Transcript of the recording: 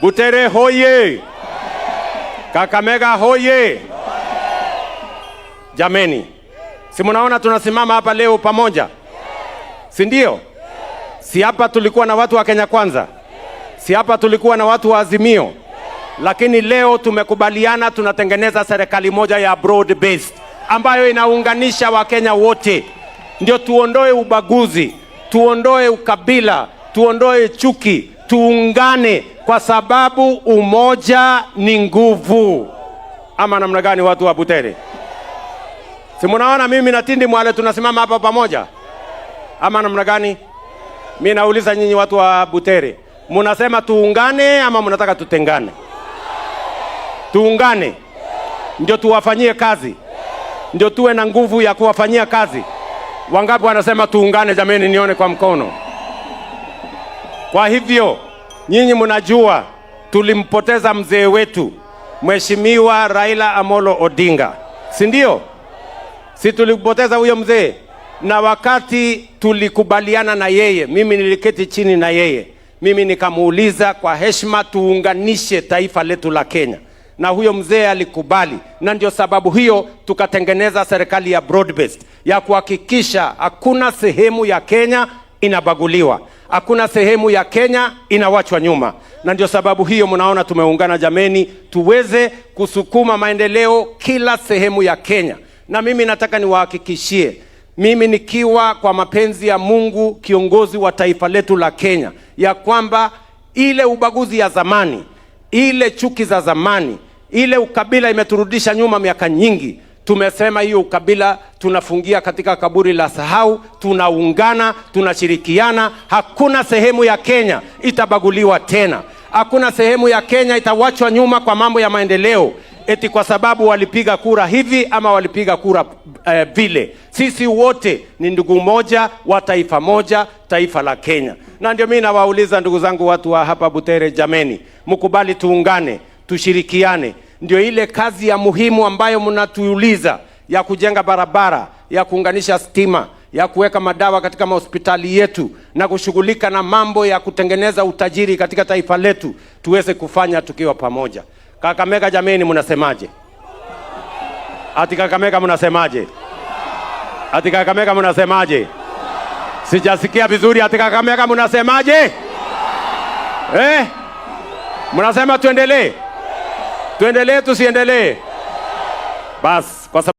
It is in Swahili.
Butere hoye! Kakamega hoye! Jameni, si munaona tunasimama hapa leo pamoja, si ndio? Si hapa tulikuwa na watu wa Kenya Kwanza, si hapa tulikuwa na watu wa Azimio, lakini leo tumekubaliana, tunatengeneza serikali moja ya broad based ambayo inaunganisha Wakenya wote, ndio tuondoe ubaguzi, tuondoe ukabila, tuondoe chuki tuungane, kwa sababu umoja ni nguvu. Ama namna gani, watu wa Butere? Si munaona mimi na Tindi Mwale tunasimama hapa pamoja, ama namna gani? Mi nauliza nyinyi watu wa Butere, munasema tuungane ama munataka tutengane? Tuungane ndio tuwafanyie kazi, ndio tuwe na nguvu ya kuwafanyia kazi. Wangapi wanasema tuungane? Jameni, nione kwa mkono. Kwa hivyo nyinyi mnajua tulimpoteza mzee wetu Mheshimiwa Raila Amolo Odinga, si ndio? Si tulimpoteza huyo mzee, na wakati tulikubaliana na yeye, mimi niliketi chini na yeye, mimi nikamuuliza kwa heshima, tuunganishe taifa letu la Kenya, na huyo mzee alikubali, na ndio sababu hiyo tukatengeneza serikali ya broad based ya kuhakikisha hakuna sehemu ya Kenya inabaguliwa. Hakuna sehemu ya Kenya inawachwa nyuma, na ndio sababu hiyo mnaona tumeungana jameni, tuweze kusukuma maendeleo kila sehemu ya Kenya. Na mimi nataka niwahakikishie, mimi nikiwa kwa mapenzi ya Mungu kiongozi wa taifa letu la Kenya, ya kwamba ile ubaguzi ya zamani, ile chuki za zamani, ile ukabila imeturudisha nyuma miaka nyingi. Tumesema hiyo ukabila tunafungia katika kaburi la sahau. Tunaungana, tunashirikiana. Hakuna sehemu ya Kenya itabaguliwa tena. Hakuna sehemu ya Kenya itawachwa nyuma kwa mambo ya maendeleo eti kwa sababu walipiga kura hivi ama walipiga kura eh, vile. sisi wote ni ndugu moja wa taifa moja, taifa la Kenya. Na ndio mimi nawauliza ndugu zangu, watu wa hapa Butere, jameni, mkubali tuungane, tushirikiane ndio ile kazi ya muhimu ambayo mnatuuliza ya kujenga barabara, ya kuunganisha stima, ya kuweka madawa katika mahospitali yetu na kushughulika na mambo ya kutengeneza utajiri katika taifa letu, tuweze kufanya tukiwa pamoja. Kakamega jameni, mnasemaje? Ati Kakamega mnasemaje? Ati Kakamega mnasemaje? Sijasikia vizuri. Ati Kakamega mnasemaje? Eh? Mnasema tuendelee? Tuendelee tusiendelee? Basi kwa